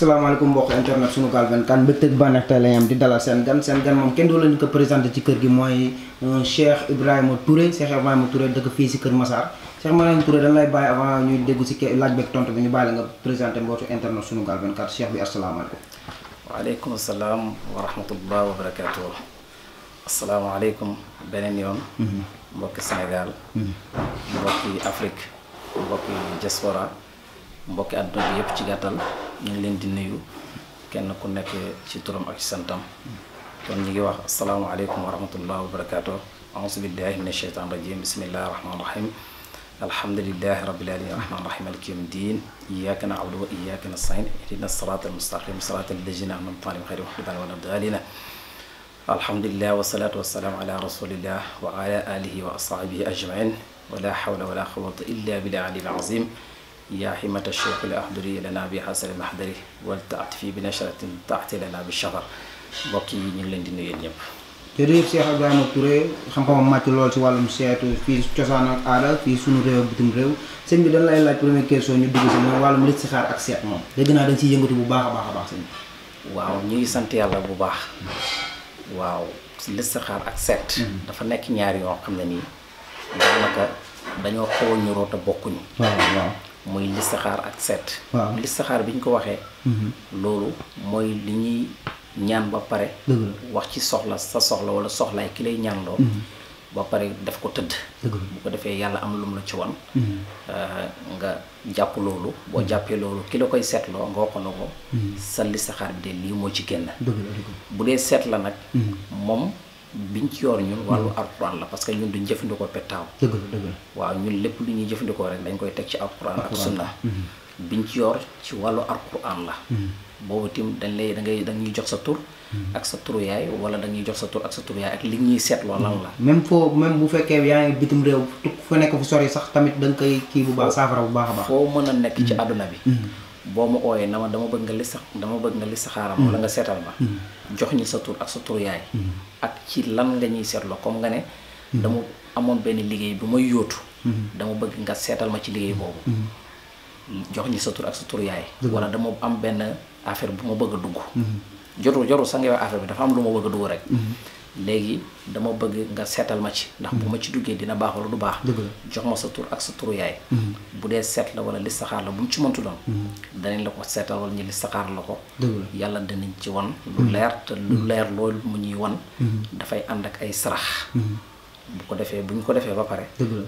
salaamaaleykum mbokk internet sunu gaal 24 mbégteeg bànneex tey la ñu am di dalal seen gan seen gan moom kenn doo leen ko présenté ci kër gi mooy euh, Cheikh Ibrahima Touré Cheikh Ibrahima Touré dëkk fii si Kër Massar Cheikh Ibrahima Touré dañ lay bàyyi avant ñuy déggu si laaj beeg tontu bi ñu bàyyi la nga présenté mbootu internet sunu gaal 24 Cheikh bi asalaamaaleykum. waaleykum salaam wa rahmatullah wa barakaatu. asalaamaaleykum beneen yoon. Mhm. mbokki Sénégal. Mhm. mbokki Afrique. mbokki diaspora mbokki yëpp ci gàttal. ñu ngi leen di nuyu kenn ku nekk ci turam ak ci santam kon ñu ngi wax asalaamaaleykum wa rahmatullahi wa barakaatu auzu billahi min asheytan rajim bismillahi rahmaani rahim alhamdulilahi rabbil alamin rahmaani rahim maliki yawmi din iyyaka na'budu wa iyyaka nasta'in ihdina sirata almustaqim sirata alladhina an'amta alayhim ghayril maghdubi wa ad-dallin alhamdulilah wasalaatu wasalaamu ala rasulillah wa ala alihi wa ashabihi ajmain wala hawla wala quwwata illa billahi al-aliyyil azim yaa ximata cheikh li ahduri lana bi xasari mahdari wal taat fii bi nasharatin taati lana bi safar mbokk yi ñu ngi leen di nuyu yéen ñëpp jërëjëf Cheikh Ibrahima Touré xam-xamam màcc lool ci wàllum seetu fii cosaan ak aada fii sunu réew bitim réew sëñ bi dañ lay laaj première question ñu dugg si mooy wàllum listixaar ak seet moom dégg naa dañ ciy yëngatu bu baax a baax a baax sëñ bi waaw ñu ngi sant yàlla bu baax waaw listixaar ak seet dafa nekk ñaar yoo xam ne nii dañoo xaw a ñoroo muy listixaar ak seet waaw listixaar bi ñu ko waxee. Mhm. loolu mooy li ñuy ñaan ba pare. wax ci soxla sa soxla wala soxlaay ki lay ñaanloo. Mhm. ba pare def ko tëdd. bu ko defee yàlla am lu la ci won mhm. euh, nga jàpp loolu. boo jàppee loolu ki la koy seetloo nga wax na ko. sa listixaar bi de lii moo ci génn. bu dee seet la nag moom. biñ ci yoor ñun wàllu hmm. alxuraan la parce que ñun duñ jëfandikoo pettaaw dëgg la dëgg la waaw ñun lépp lu ñuy jëfandikoo rek dañ koy teg ci alxuraan ak sunna hmm. biñ ci yor ci wàllu alxuraan la hmm. boobu tim dañ lay da ngay dañuy jox sa tur ak sa turu yaay wala dañuy jox sa tur ak sa turu yaay ak li ñuy seetloo lan la même foo même bu fekkee yaa ngi bitim réew tuk fa nekk fu sori sax tamit da koy kii bu baax saafara bu baax a baax foo mën a nekk ci àdduna bi boo ma ooyee na ma dama bëgg nga li sax dama bëgg nga li saxaaram mm. wala nga seetal ma mm. jox ñu sa tur ak sa tur yaay mm. ak ci lan lañuy ñuy seetloo comme nga ne dama amoon benn liggéey bu may yóotu dama bëgg nga seetal ma ci liggéey boobu jox ñi sa tur ak sa tur yaay wala dama am benn affaire bu ma bëgg dugg jotul jotul sa ngay wax bi dafa am lu ma bëgg a dugg rek léegi dama bëgg nga seetal ma ci ndax bu ma ci duggee dina baax wala du baax jox ma sa tur ak sa turu yaay mm-hmm. bu dee seet la wala saxaar la bu mu ci mëntu doon mm-hmm. danañ la ko seetal wala ñu listaxaar la ko yàlla danañ ci wan lu mm-hmm. leer te lu leer loolu mu ñuy wan dafay ànd ak ay sarax bu ko defee bu ñu ko defee ba pare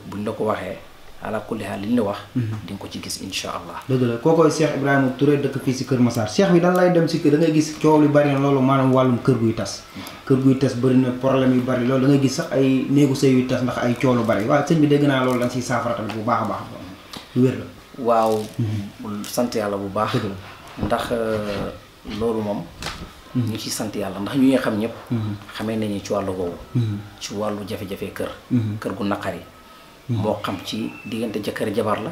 buñ la ko waxee ala kulli haal li ñu wax. Mhm. di ko ci gis incha allah. dëgg la kookoy Cheikh Ibrahima Touré dëkk fii si Kër Massar Cheikh bi dan dem si kër da gis coow li bari na loolu maanaam wàllum guy tas. kër guy tas mhm. bëri na problème yu bari loolu da gis sax ay néegu sëy yu tas ndax ay coow lu bari waaye sëñ bi dégg naa loolu dañ siy saafara tamit bu baax a baax lu wér la. waaw. Mhm. sant yàlla bu baax. ndax euh, loolu moom. ñu ci sant yàlla ndax ñu nga xam ñëpp. xamee nañu ci wàllu boobu ci wàllu jafe-jafe kër. kër gu naqari Mm-hmm. moo xam ci diggante jëkkër jabar la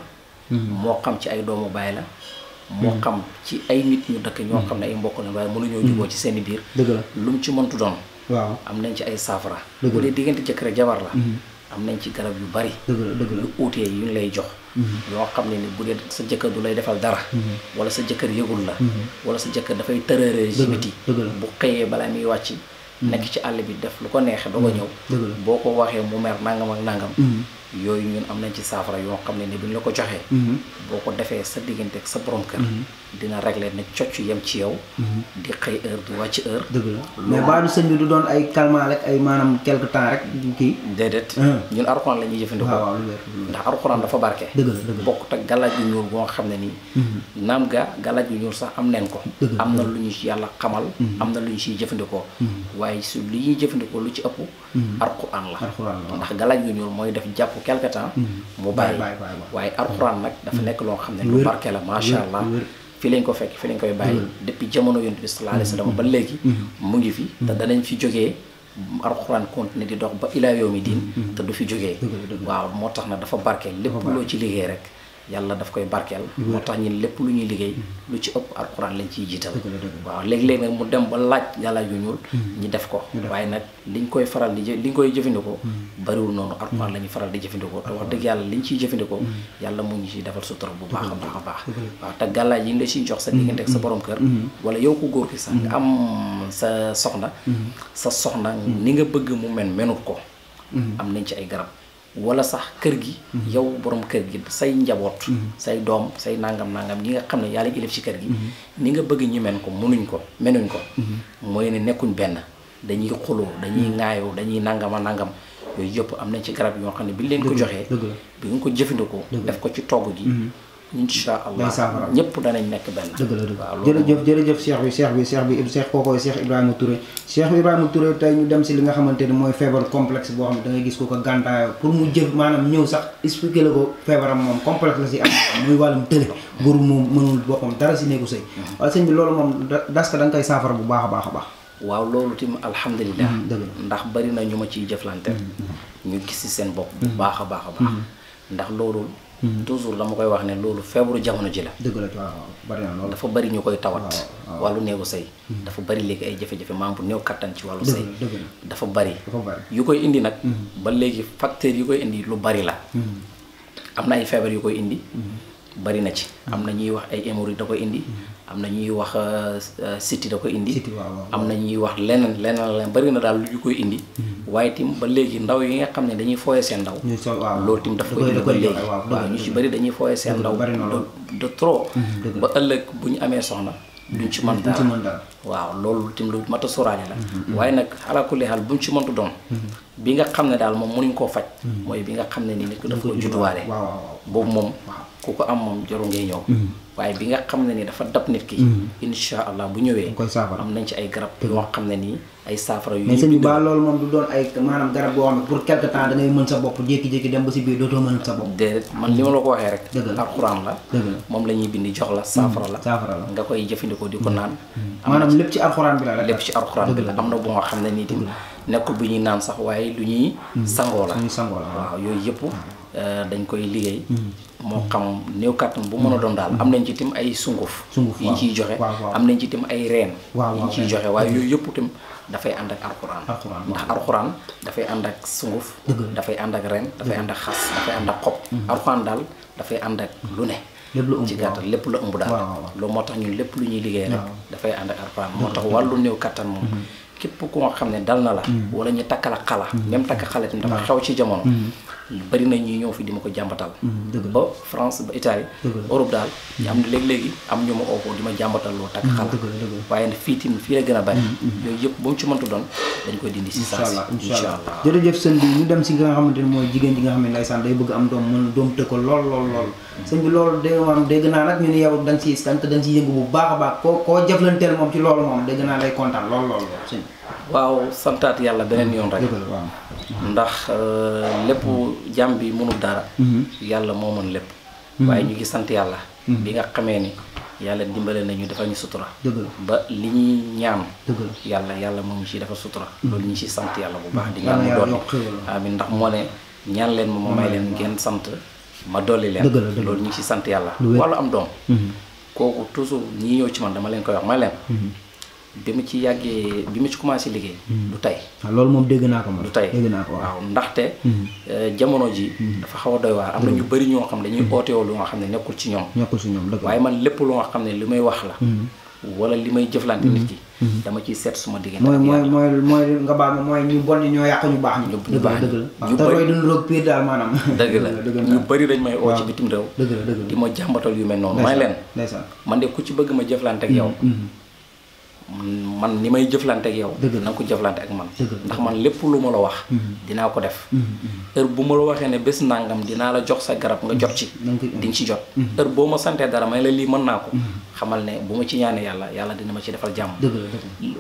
mm-hmm. moo xam ci ay doomu baay la mm-hmm. moo xam ci ay nit ñu dëkk ñoo xam ne ay mbokk na waaye mënuñoo juboo ci seen i biir dëgg la lu mu ci mëntu doon waaw am nañ ci ay saafara bu dee diggante jëkkër jabar la am nañ ci garab yu bari dëgg la dëgg la yu ñu lay jox yoo xam ne ni bu dee sa jëkkër du lay defal dara wala sa jëkkër yëgul la wala sa jëkkër dafay tërëree ci biti bu xëyee balaa muy wàcc nekk ci àll bi def lu ko neexee ba ko ñëw boo ko waxee mu mer nangam ak nangam yooyu ñun am nañ ci saafara yoo xam ne ni bu ñu la ko joxee. Mhm. boo ko defee sa diggante ak sa borom kër. Mhm. dina régler ne cocc yem ci yow. Mhm. di xëy heure di wàcc heure. dëgg la mais baadu sëñ bi du doon ay calmant rek ay maanaam quelque temps rek déedéet. ñun alxuraan la ñuy jëfandikoo. waaw ndax alxuraan dafa barke. dëgg la dëgg la bokkut ak galaaj yu ñuul boo xam ne nii. naam ga galaaj yu ñuul sax am neen ko. am na lu ñu ci yàlla xamal. am na lu ñu ciy jëfandikoo. waaye su li ñuy jëfandikoo lu ci ëpp. alxuraan la ndax galaaj yu ñuul quelque temps mhm. mu bàyyi waaye alxuraan nag dafa nekk loo xam ne lu barke la macha allah fi lañ ko fekk fi lañ koy bàyyi depuis jamono yonent bi sallallahu alayhi wasallam mhm. ba léegi mhm. mu ngi fi te danañ fi jógee alxuraan continuer di dox ba ilaa yawmi diin te du fi jógee waaw moo tax nag dafa barke lépp loo ci liggéey rek yàlla daf koy barkeel. moo tax ñun lépp lu ñuy liggéey. lu ci ëpp alxuraan lañ ciy jiital. waaw léeg-léeg nag mu dem ba laaj yàlla yu ñuul. Hmm. ñu def ko waaye nag liñ koy faral di jë koy jëfandikoo. Hmm. bariwul noonu alxuraan la ñuy faral di jëfandikoo te wax dëgg yàlla liñ ciy jëfandikoo. Hmm. yàlla mu ngi ciy defal sutura bu baax a baax a baax. waaw te gàllaaj yi ñu la ciy jox sa diggante ak sa borom kër. wala yow ko góor ki sax nga am sa soxna. sa soxna ni nga bëgg mu me menut ko. am nañ ci ay garab. wala sax kër gi mhm. yow borom kër gi say njaboot mhm. say doom say nangam nangam ñi nga xam ne yàlla ilif ci kër gi mhm. ni nga bëgg ñu men ko munuñ ko menuñ ko mooy ne nekkuñ benn dañuy xuloo dañuy ŋaayoo dañuy nangama nangam yooyu yëpp am nañ ci garab yoo xam ne bi leen ko joxee bi nga ko jëfandikoo def ko ci togg gi incha allah ñëpp danañ nekk benn. dëgg la dëgg jërëjëf jërëjëf seex bi seex bi seex bi seex kookooy seex Ibrahima Touré. seex Ibrahima Touré tey ñu dem si li nga xamante ni mooy feebar complexe boo xam ne da ngay gis ko ko gàntaayoo pour mu ñëw sax expliqué la ko feebaram moom complexe la am muy wàllum tële. góor moom mënul boppam dara si néegu sëy. Mm-hmm. waaye sëñ bi loolu moom das ka da nga koy saafara bu baax a baax a baax. waaw loolu tim alhamdulilah. Mm-hmm, ndax bari na ñu ma ciy jëflante. Mm-hmm. ñu gis si seen bopp bu baax a baax a baax ndax loolu Mm-hmm. toujours la ma koy wax ne loolu feebaru jamono ji la. dëgg bari na loolu. dafa bari ñu koy tawat. wàllu néegu sëy. Mm-hmm. dafa bari léegi ay jafe-jafe maam bu néew kattan ci wàllu sëy. dafa bari. yu koy indi nag. Mm-hmm. ba léegi facteurs yu koy indi lu bari la. am na ay feebar yu koy indi. bari na ci am na ñuy wax ay hémorroïdes da koy indi. am na ñuy wax euh, euh, siti da ko indi am na ñuy wax leneen leneen leneen bari na daal lu ñu koy indi mm-hmm. waaye tim ba léegi ndaw yi nga xam ne dañuy fooye seen ndaw loolu tim daf koy indi ba léegi ñu ci bari dañuy fooye seen ndaw de trop mm-hmm, ba ëllëg bu ñu amee soxna mm-hmm. duñ ci mën dara waaw loolu tim lu mat a la waaye nag alaakulli leexal buñ ci mëntu doon bi nga xam ne daal moom mënuñ koo faj. Hmm. mooy bi nga xam ne ni nit ku dafa ko judduwaale. boobu moom ku ko am moom jaru ngay hmm. bi nga xam ne ni dafa dab nit ki. Hmm. incha allah bu ñëwee. am nañ ci ay garab yoo xam ne nii ay saafara yu. mais sëñ bi ba loolu moom du doon ay maanaam garab boo xam ne pour quelque temps da dem ba si biir dootoo mën la ko waxee rek. dëgg la alxuraan la. moom la ñuy bind jox la saafara la. saafara la nga koy jëfandikoo di ko naan. maanaam lépp ci alxuraan bi la lépp ci alxuraan bi la am na bu nga xam ne nii nekkul bi ñuy naan sax waaye lu ñuy mhm. sangoo la waaw yooyu yëpp mhm. euh, dañ koy liggéey mhm. moo xam néew kàttan bu mën a doon daal am nañ ci ay sunguf yi ñu ciy joxe am nañ ci tim ay reen yi ciy joxe waaye yooyu yëpp tim dafay ànd ak alxuraan ndax alxuraan dafay ànd ak sunguf dafay ànd ak ren dafay ànd ak xas dafay ànd ak xob alxuraan daal dafay ànd ak lu ne ci gàttal lépp la ëmb daal loolu moo tax ñu lépp lu ñuy liggéey rek dafay ànd ak alxuraan moo tax wàllu néew kàttan moom képp ku nga xam ne dal na la. Mm. wala ñu takkal ak xala. Mm. même takk xala tamit dafa mm. xew ci jamono. bari na ñuy ñëw fi di ma ko jàmbatal. ba France ba Italie. Europe daal ñu am léegi léegi am ñu ma oo di ma loo takk xala. waaye fii fii la gën a bari. yëpp bu mu ci doon dañ koy dindi si saa si. incha allah jërëjëf sëñ bi ñu si nga xamante ne mooy jigéen nga xam ne ndeysaan day bëgg am doom mën doom lool lool lool. sëñ loolu dégg maam dégg naa nag ñu ne yow da nga sant da nga siy bu baax baax koo koo jëflanteel moom ci loolu moom dégg naa lay kontaan lool lool sëñ waaw santaat yàlla beneen yoon rek ndax euh, lépp jàmm bi mënul dara mm-hmm. yàlla moo mën lépp mm-hmm. waaye ñu ngi sant yàlla mm-hmm. bi nga xamee ni yàlla dimbale nañu defal ñu sutura ba li ñuy ñaan yàlla yàlla moom ci dafa sutura loolu ñu ci sant yàlla bu baax di ñaan mu amin ndax moo ne ñaan leen ma ma may leen ngeen sant ma dolli leen loolu ñu ci sant yàlla wàllu am doom mhm. kooku toujours ñi ñëw ci man dama leen koy wax ma leen mhm. bi mu ci yàggee bi mu ci commencé liggéey mhm. du tey waaw ah, loolu moom dégg naa ko moom du tey dégg naa ko waaw ndaxte euh, jamono ji dafa xaw a doy waar am na ñu bëri ñoo xam ne dañuy ooteewoo lu nga xam ne nekkul ci ñoom nekkul ci ñoom waaye man lépp lu nga xam ne li may wax la wala li may jëflante nit ki Mhm. dama ciy seet suma diggante mooy mooy mooy mooy nga baal ma mooy ñu bon ñoo yàq ñu baax ñu ñu baax ñu te roy duñu roog piir daal maanaam dëgg la ñu bëri may oo ci bitim réew dëgg la dëgg la ma jàmbatal yu mel noonu may leen man de ku ci bëgg ma jëflante ak mhm, yow mhm. man ni may jëflante ak yow na ko jëflante ak man ndax man lépp lu ma la wax dinaa ko def heure bu ma la waxee ne bés nangam dinaa la jox sa garab nga jot ci di ci jot heure boo ma santee dara may la lii mën naa ko xamal ne bu ma ci ñaanee yàlla yàlla dina ma ci defal jàmm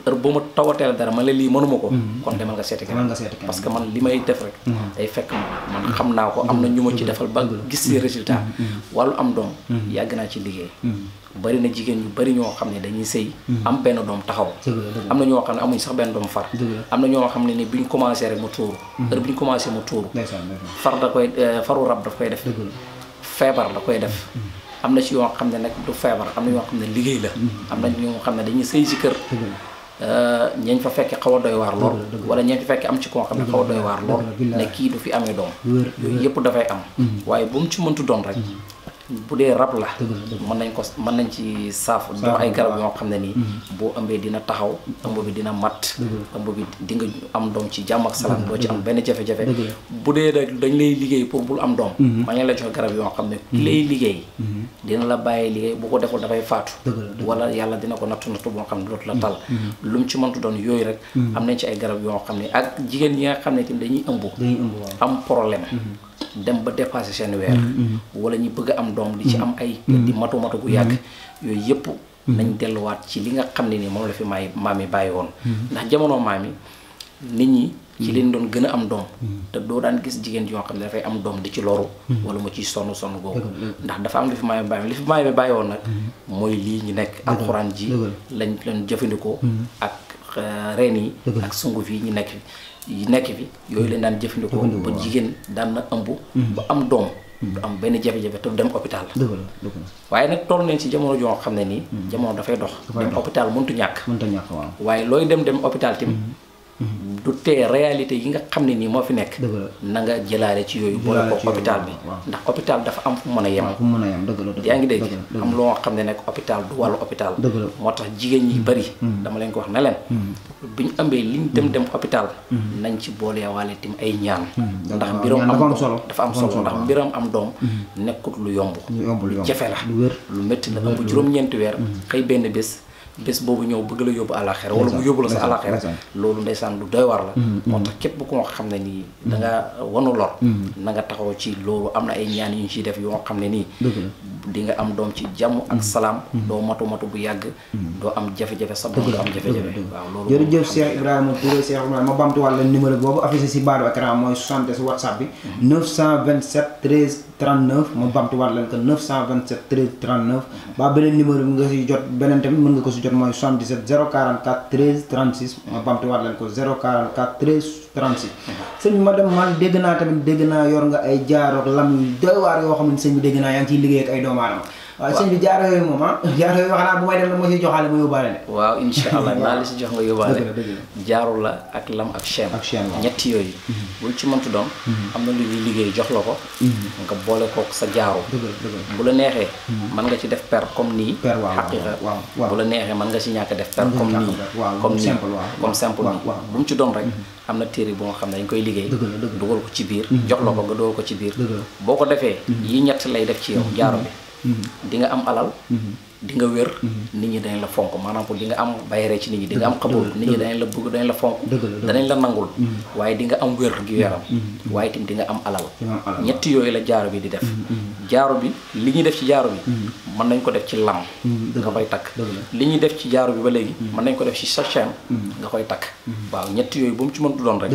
heure bu ma tawateel dara ma la lii mënuma ko mm-hmm. kon demal nga seeti kenn parce que man li may def rek mm-hmm. day fekk ma man xam naa ko am na ñu ma ci defal ba gis si résultat mm-hmm. wàllu am doom yàgg naa ci liggéey bari na jigéen ñu bari ñoo xam ne dañuy sëy am benn doom taxaw am na ñoo xam ne amuñ sax benn doom far am na ñoo xam ne ni bu ñu commencé rek mu tuuru heure bu ñu commencé mu tuuru far euh, daf koy def feebar da koy def am na ci yoo xam ne nag du feebar am na yoo xam ne liggéey la mm-hmm. am na ñoo xam ne dañuy sëy si kër euh, ñeñ fa fekk xaw a doy waar lool wala ñeñ fa fekk am ci koo xam ne xaw a doy waar lool ne kii du fi amee doom yooyu yëpp dafay am mm-hmm. waaye bu mu ci mëntu doon rek mm-hmm. bu dee rab la mën nañ ko mën nañ ci saafu jox ay garab yoo xam ne nii mhm. boo ëmbee dina taxaw mhm. ëmb bi dina mat mhm. ëmb bi di nga am doom ci jàmm ak salaam doo ci am benn jafe bu dee rek dañ lay liggéey pour bul am doom ma ngi yoo xam ne ki liggéey dina la bàyyi liggéey bu ko deful dafay faatu wala yàlla dina ko nattu nattu boo xam ne dootu la tal ci mëntu doon yooyu rek am nañ ci ay garab yoo xam ne ak jigéen ñi nga xam ne tamit dañuy ëmb am problème dem ba dépassé seen weer mm, mm. wala ñu bëgg am doom li ci am ay mm. di matu matu gu yàgg yooyu yëpp nañ delluwaat ci li nga xam ne ni moom la fi maam yi bàyyi woon ndax jamono maam yi nit ñi ci leen doon gën a am doom te doo daan gis jigéen yoo xam ne dafay am doom di ci loru wala mu ciy sonn sonn googu ndax dafa am li fi maay bàyyi li fi maay bàyyi woon nag mooy lii ñu nekk alxuraan ji lañ leen jëfandikoo ak euh, reen yi ak sunguf yi ñu nekk yi nekk fi yooyu leen daan jëfandikoo ba jigéen daan na ëmb mm-hmm. ba am doom du mm-hmm. am benn jafe-jafe te dem hôpital waaye nag toll nañ ci jamono joo xam ne nii mm-hmm. jamono dafay dox dem hôpital mëntu ñàkk waaye looy dem dem hôpital tim du tee réalité yi nga xam ne nii moo fi nekk na nga jëlaale ci yooyu boole ko hôpital bi ndax hôpital dafa am fu mën a yem yaa ngi dégg am loo xam ne nekk hôpital du wàllu hôpital moo tax jigéen ñi hmm. bari hmm. dama leen ko wax ne leen hmm. bi ñu ambee liñ dem dem hôpital nañ ci booleewaale tim ay ñaan ndax mbiram am solo dafa am solo ndax mbiram am doom nekkut lu yomb jafe la lu métti la ëmb juróom-ñeenti weer xëy benn bés bés boobu ñëw bëgg la yóbbu àllaaxira wala mu yóbbu la sa àllaaxira loolu ndeysaan lu doy war la mm, mm. moo tax képp ku nga xam ne nii da nga wanu lor mm. na nga taxaw ci loolu am na ay ñaan yu ñu ciy def yoo xam ne nii di nga am doom ci jàmm ak salaam doo matu matu bu yàgg doo am jafe-jafe sa doom doo am jafe-jafe waaw loolu jërëjëf Cheikh Ibrahima Touré Cheikh Ibrahima ma bamtuwaat la numéro boobu affiché si baaru écran mooy 60 si whatsapp bi 927 13 39 ma bamtuwaat la ko 927 ba beneen numéro bi nga si jot beneen tamit mën nga ko si jot mooy 77 044 13 36 ma bamtuwaat leen ko 044 13 36. sëñ bi ma dem man dégg naa tamit dégg naa yor nga ay jaaroog lam doy waar yoo xam ne sëñ bi dégg naa yaa ngi ciy liggéey ak ay doomu aadama. waaw sëñ bi jaaro yooyu moom ah jaaro yooyu wax naa bu may dem la moo insha allah naa la si jox nga yóbbaale jaaru la ak lam ak chaîne ak chaîne ñetti yooyu mhm. bul ci mëntu doon mhm. am na lu ñuy liggéey jox la ko mhm. nga boole ko sa jaaro bu la neexee mën nga ci def per comme nii xaqiqa bu la neexee mën nga si ñàkk def per comme nii comme nii comme simple nii bu mu ci doon rek am na téere bu nga xam ne dañ koy liggéey dugal ko ci biir jox la ko nga dugal ko ci biir boo ko defee yi ñett lay def ci yow jaaro bi di nga am alal mhm. di nga wér mhm. nit ñi dañ la fonk maanaam pour li nga am bayre ci nit ñi di nga am xabul nit ñi dañ la bëgg dañ la fonk danañ la nangul mhm. waaye dinga nga am wér gi yaram waaye tamit di am alal ñett yooyu la jaaro bi di def jaaro bi li ñuy def ci jaaro bi mën nañ ko def ci lam nga koy takk li ñuy def ci jaaro bi ba léegi mën nañ ko def ci sachet nga koy takk waaw ñetti yooyu bu mu ci mën du doon rek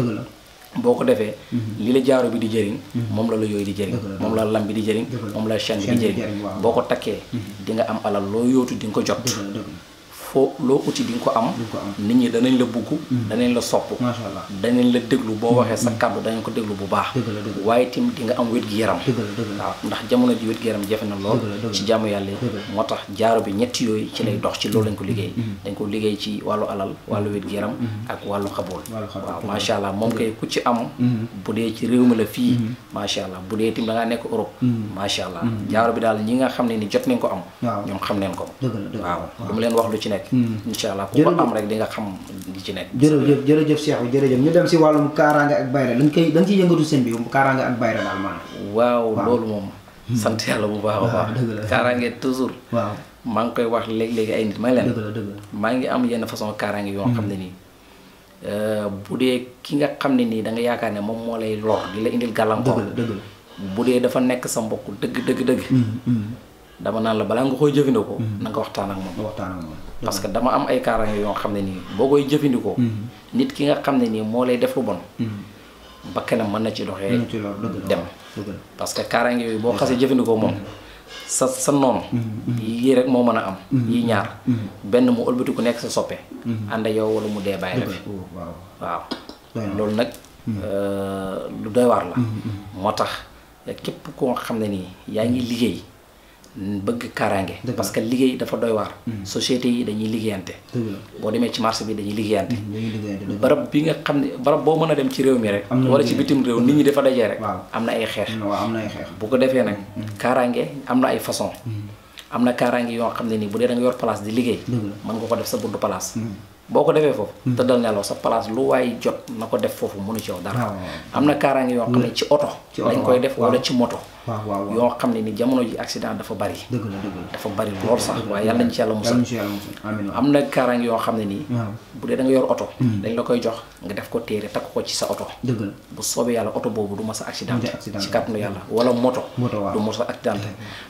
boo ko defee mhm. lii la jaaro bi di jëriñ mhm. moom la la yooyu di jëriñ moom la lam bi di jëriñ moom la chaîne bi di jëriñ boo ko takkee mhm. dinga nga am alal loo yootu di nga ko jot foo loo uti di ko am. nit ñi danañ la bugg. Mm-hmm. danañ la sopp. danañ la déglu boo mm-hmm. waxee sa mm-hmm. kàddu danañ ko déglu bu baax. waaye tim di nga am wér gi yaram. waaw ndax jamono ji wér gi yaram na lool. ci jaamu yàlla yi moo tax jaaro bi ñetti yooyu ci lay dox ci loolu lañ ko liggéey. dañ ko liggéey ci wàllu alal wàllu wér gi yaram. ak wàllu xabool. waaw macha allah moom kay ku ci am. bu dee ci réew mi la fii. macha allah bu dee tim da ngaa nekk Europe. macha allah jaaro bi daal ñi nga xam ne ni jot nañ ko am. ñoom xam neen ko rek. Hmm. incha allah ku ko am rek di nga xam li ci nekk. jërëjëf jërëjëf Cheikh jërëjëf ñu dem si wàllum kaaraange ak bayra dañ koy dañ ciy yëngatu seen bi kaaraange ak bayra daal maanaam. waaw loolu moom. Hmm. sant la bu baax a baax. dëgg la kaaraange toujours. waaw maa ngi koy wax léeg-léegi ay nit may leen. maa ngi am yenn façon kaaraange yoo xam ne hmm. nii. Euh, bu dee ki nga xam ne nii da nga yaakaar ne moom moo lay lor di la indil gàllankoor. dëgg la dëgg la bu dee dafa nekk sa mbokk dëgg dëgg dëgg dama naan la balaa nga koy jëfandikoo. Mm-hmm. na waxtaan ak moom. waxtaan ak moom parce que mm-hmm. dama am ay kaaraange yoo xam ne nii boo koy jëfandikoo. Mm-hmm. nit ki nga xam ne nii moo lay def lu bon. bakkanam mën na ci doxee. dem parce que kaaraange yooyu boo xasee jëfandikoo moom. sa sa noonu. yii rek moo mën a am. yii ñaar. benn mu ku nekk sa soppe. ànd yow wala mu dee bàyyi la fi. waaw loolu nag. Euh, lu doy waar la. moo tax képp koo xam ne nii yaa ngi liggéey. bëgg kaaraange parce que liggéey dafa doy waar mm-hmm. société yi dañuy liggéeyante boo demee ci marché bi dañuy liggéeyante mm-hmm. barab bi nga xam ne barab boo mën a dem ci réew mi rek wala ci bitim réew mm-hmm. nit ñi dafa dajee rek am na ay xeex bu ko defee nag kaaraange am na ay façon am na kaaraange yoo xam ne nii bu dee da yor place di liggéey mën nga ko def sa buntu place boo ko defee foofu. te dal nelaw sa place lu waay jot na ko def foofu mënu ci yow dara. Ah, am na kaaraange yoo xam ne mm. ci oto. lañ koy def wala ci moto. yoo xam ne ni jamono ji accident dafa bari. dafa bari lool sax waaye yàlla nañ ci yàlla musal. am na kaaraange yoo xam ne nii. bu dee da nga yor oto. Mm. dañ la koy jox nga def ko téere takk ko ci sa oto. bu soobee yàlla oto boobu du ma sa accident. ci kàttanu yàlla wala moto. du ma sa accident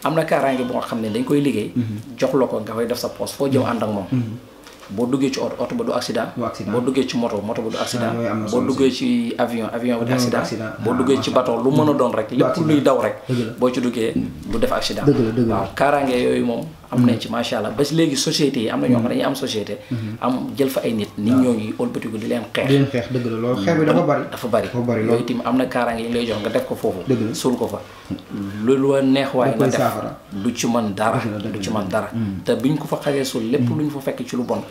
am na kaaraange boo xam ne dañ koy liggéey. Mm-hmm. jox la ko nga koy def sa poche foo jëm mm-hmm. ànd ak moom mm-hmm. boo duggee ci oto oto ba du accident. boo duggee ci moto moto ba du accident. Ah, boo duggee ci avion avion ba du accident. boo ah, duggee ci bateau lu mën a doon rek. lépp luy daw rek. boo ci duggee bu def accident. waaw kaaraange yooyu moom. am nañ ci macha allah ba léegi société yi am na ñoo xam ne dañuy am société. Mm-hmm. am jël fa ay nit. nit ñooñu ëlbatiku di leen xeex. di leen xeex dëgg la loolu xeex bi dafa bari. dafa bari loolu itam am na kaaraange yi ñu lay jox nga def ko foofu. dëgg la suul ko fa. lu lu neex waaye nga def du ci mën dara du ci mën dara. Mm. te biñ ko fa xasee suul lépp mm. lu ñu fa fekk ci lu bon.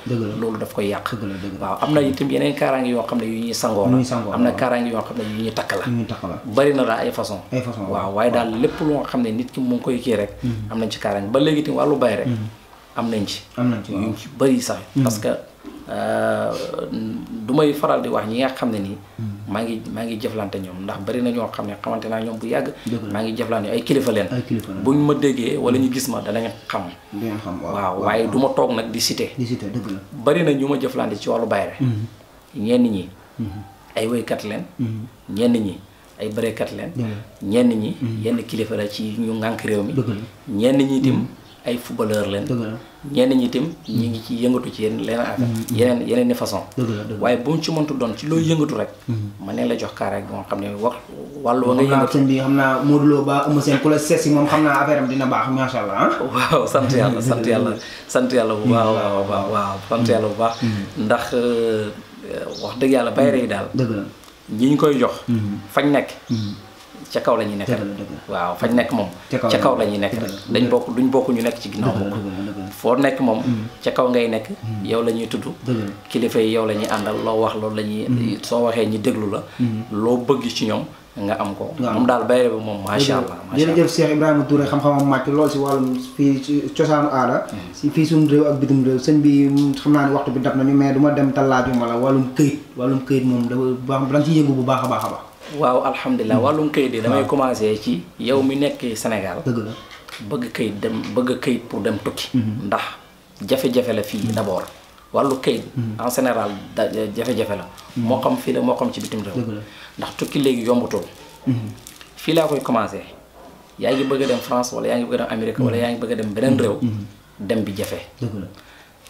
loolu daf koy yàq. waaw am na itam yeneen kaaraange yoo xam ne yu ñuy sangoo la. am na kaaraange yoo xam ne yu ñuy takk la. bari na daal ay façon. ay façon waaw waaye daal lépp loo xam ne nit ki mu ngi koy kii rek. Mm. am nañ ci kaaraange ba léegi itam wàllu bay rek. Mm-hmm. am ci. am nañ ci yu ci bëri sax. Mm-hmm. que euh, du may faral di wax ñi nga xam ne nii. Mm-hmm. maa ngi maa ngi jëflante ñoom ndax bëri na ñoo xam ne xamante naa ñoom bu yàgg. maa ngi jëflante ay kilifa leen. buñ ma déggee wala ñu gis ma danañ xam. waaw waaye du toog nag di cité. di bëri na ñu ma jëflante ci wàllu bay rek. ñenn ñi. ay woykat leen. ñenn ñi. ay bëreekat leen. ñenn ñi. yenn kilifa la ci ñu ngànk réew mi. ñenn ñi ay footballeur leen ñenn ñi itam ñi ngi ci yëngatu ci yenn leneen affaire mm-hmm. yeneen yeneen ni façon waaye bu mu ci mëntu doon ci looy mm-hmm. yëngatu rek mm-hmm. ma ne la jox kaar rek moom xam ne wax wàllu wa nga yëngatu bi xam naa Modou Lo ba Eumeu Sène ku la seet si moom xam naa affaire am dina baax macha allah ah. waaw sant yàlla sant yàlla sant yàlla bu baax waaw waaw waaw sant yàlla bu baax ndax euh, wax dëgg yàlla bayre yi daal ñi ñu koy jox fañ nekk ca kaw la ñuy nekk waaw fañ nekk moom ca kaw la ñuy nekk dañ bokk duñ bokk ñu nekk ci ginnaaw moom foo nekk moom mm. ca kaw ngay nekk mm. yow la ñuy tudd kilifa yi yow la ñuy àndal loo wax loolu la mm. soo waxee ñi déglu la loo bëgg ci ñoom nga am ko moom daal bayre bi moom macha allah jërëjëf Cheikh Ibrahima Touré xam-xamam màcc lool si wàllum fii cosaanu aada si fii suñu réew ak bitim réew sëñ bii xam naa ne waxtu bi dab nañu mais du ma dem te laajuma la wàllum këyit wàllum këyit moom da baax da nga yëngu bu baax a baax a baax waaw alhamdulilah hmm. wàllum kayit damay commencé ci yow mi nekk Sénégal. dëgg la bëgg këyit dem bëgg këyit pour dem tukki. Hmm. ndax jafe-jafe la fii hmm. d' abord wàllu kayit. en général da jafe-jafe la. moo xam fii la moo xam ci bitim réew. ndax tukki léegi yombutoo fii laa koy commencé yaa ngi bëgg a dem France wala yaa ngi bëgg a dem Amérique wala yaa ngi bëgg a dem beneen réew. dem bi jafe.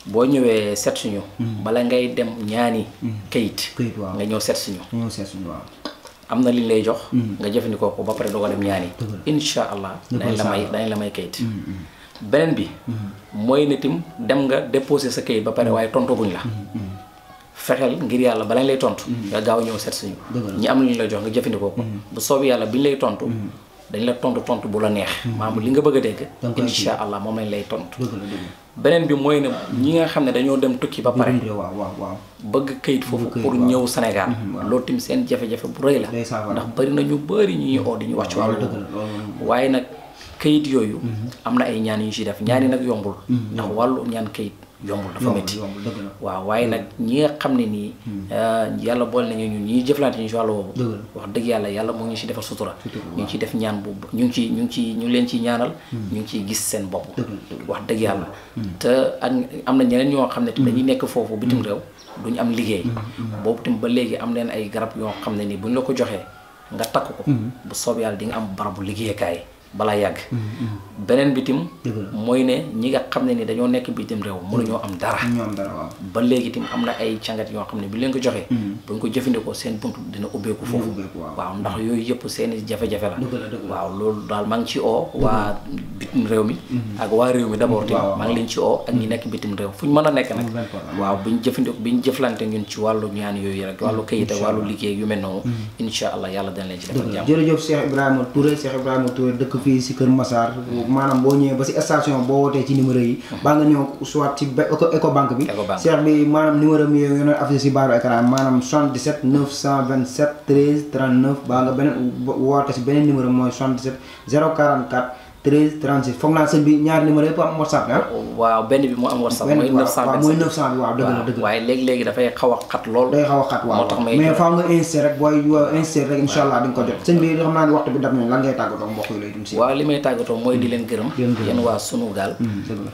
boo ñëwee seet suñu. bala ngay dem ñaani kayit. nga ñëw seet suñu. am na liñ lay jox. Mm-hmm. nga jëfandikoo ko ba pare doo ko dem ñaani. incha allah danañ la may danañ la may kayit. Mm-hmm. beneen bi. Mm-hmm. mooy nitim dem nga déposé sa kayit ba pare waaye tontaguñ la. fexeel ngir yàlla balañ lay tontu. nga gaaw ñëw set suñu. ñi am ñu lay jox nga jëfandikoo ko. bu soobi yàlla biñ lay tontu. dañ la tont tontu bu la neex. Hmm. maam li nga bëgg a dégg. incha allah moom lañ lay tontu. beneen bi mooy ne ñi nga xam ne dañoo dem tukki ba pare. bëgg kayit foofu pour ñëw Sénégal. Hmm, loolu tamit seen jafe-jafe bu rëy la. ndax bari na ñu bari ñuy oo di ñu wax ci wàllu waaye nag kayit yooyu. Hmm. am na ay ñaan yu ci def ñaani nag yombul. ndax wàllu ñaan kayit. yombul dafa métti waaw waaye nag ñi nga xam ne nii hmm. euh, yàlla boole nañu ñun ñi jëflante ñu si wàllu woowu wax dëgg yàlla yàlla moo ngi si defal sutura ñu ngi ciy def ñaan bu ñu ngi ci ñu ngi ci ñu leen ciy ñaanal hmm. ñu ngi ciy gis seen bopp wax dëgg yàlla hmm. te am na ñeneen ñoo xam ne dañuy nekk foofu bitim réew duñu am liggéey boobu tam ba léegi am leen ay garab yoo xam ne nii bu ñu la ko joxee nga takk ko bu soob yàlla di nga am barabu liggéeykaay balaa yàgg. Mm, mm. beneen bitim. mooy ne ñi nga xam ne ni dañoo nekk bitim réew. mënuñoo am am dara ba léegi itam am na ay càngat yoo xam ne bi leen ko joxee. Mm. buñ ko jëfandikoo seen bunt dina ubbeeku foofu. waaw ndax yooyu yëpp seen i jafe-jafe la. waaw loolu daal maa ngi ci oo waa bitim réew mi. Mm-hmm. ak waa réew mi d'abord tamit maa ngi leen ci oo ak ñi mm-hmm. nekk bitim réew fuñ mën a nekk nag. waaw buñ jëfandikoo biñ jëflante ñun ci wàllu ñaan yooyu rek wàllu mm-hmm. kayit ak wàllu liggéey yu mel fii si Kër Massar maanaam boo ñëwee ba si station boo wootee ci numéro yi mhm. baa nga ñëw soit si Ecobank bi Cheikh bi maanaam numéro mi yooyu noonu affiché si baaru écran maanaam 77 927 13 39 baa nga beneen woote si beneen numéro mooy 77 044 13 36 foog naa sëñ bi ñaari numéro yëpp am whatsapp ah? waaw la dëgg la waaye léegi-léegi dafay xaw a xat lool. day a xat waaw moo tax may mais faaw nga insister rek booy euh, insister rek incha allah di nga ko jot. sëñ bi xam bi dab nañ lan si. waaw li may tàggatoo mooy di leen gërëm. yéen waa sunu gaal. Mm,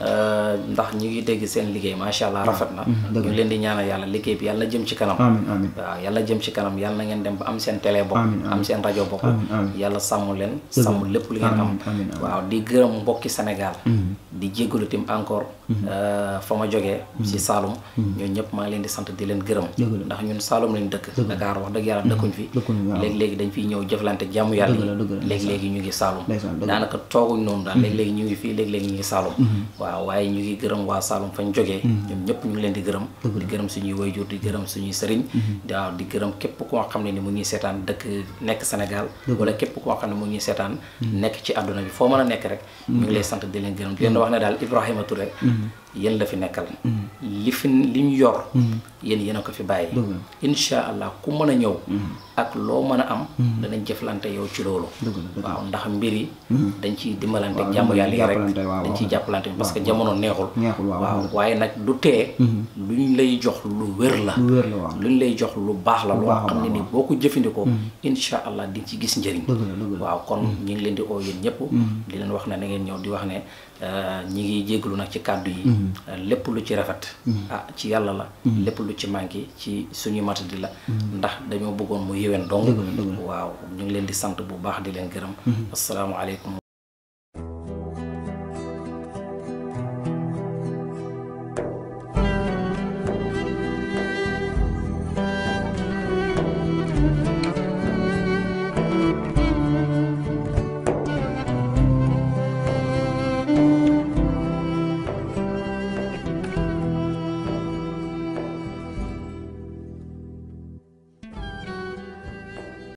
euh, ndax ñu ngi dégg seen liggéey macha allah rafet na. Mm, ñu leen di ñaanal yàlla liggéey bi yàlla jëm ci kanam. waaw yàlla jëm ci kanam yàlla na ngeen dem ba am seen télé bopp. am seen rajo bopp. yàlla sàmm leen sàmm lépp li ngeen am waaw waaw di gërëm mbokki Sénégal. Mm-hmm. di jégalu tim encore. Mm-hmm. Euh, fa ma jógee. si mm-hmm. Saalum. ñooñu ñëpp maa leen di sant di leen gërëm. ndax ñun Saalum lañ dëkk. Dakar wax dëgg yàlla dëkkuñ fi. léegi léegi dañ fiy ñëw jëflante jàmm yàlla yi. léegi léegi ñu ngi Saalum. daanaka tooguñ noonu daal léegi léegi ñu ngi fii léegi léegi ñu ngi Saalum. waaw waaye ñu ngi gërëm waa Saalum fañ jógee. ñoom ñu ngi di gërëm. di gërëm suñuy wayjur di gërëm suñuy sëriñ. waaw di gërëm koo xam ni mu ngi seetaan dëkk nekk Sénégal wala képp koo xam ne mu ngi seetaan nekk ci àdduna bi foo mën a nekk rek. ñu ngi lay sant di leen gërëm di leen wax ne daal Ibrahima Touré. yéen la fi nekkal. Mm. li fi li ñu yor. Mm. yéen yéen a ko fi bàyyi. incha allah ku mën a ñëw. Mm. ak loo mën a am. danañ jëflante yow ci loolu. waaw ndax mbir yi. dañ ciy dimbalante jàmm yàlla yi rek dañ ciy jàppalante parce que jamono neexul. waaw waaye nag du tee. Mm-hmm. luñ lay jox lu wér la. lu wér la waaw lay jox lu baax la. loo xam ne ni boo ko jëfandikoo. Mm-hmm. incha allah di ci gis njëriñ. waaw kon mm-hmm. ñu ngi leen di oo yéen ñëpp. di leen wax ne na ngeen ñëw di wax ne euh, ñi ngi jéglu nag ci kàddu yi. Euh, lépp lu ci rafet mm. a ah, ci yàlla la mm. lépp lu ci manqué ci suñu matadi la mm. ndax dañoo bëggoon mu yéwén dong waaw ñu ngi leen di sant bu baax di leen gërëm mm-hmm. asalaamaaleykum